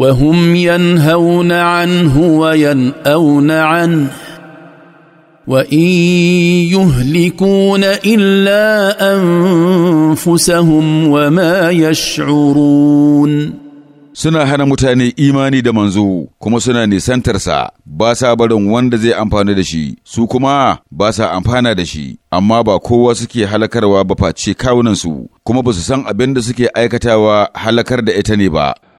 وهم ينهون عنه ويناون عنه وان يهلكون الا انفسهم وما يشعرون suna hana mutane imani da manzo kuma suna nisantarsa ba sa barin wanda zai amfana da shi su kuma ba sa amfana da shi amma ba kowa suke halakarwa ba face kawunansu kuma ba su san abin da suke aikatawa halakar da ita ne ba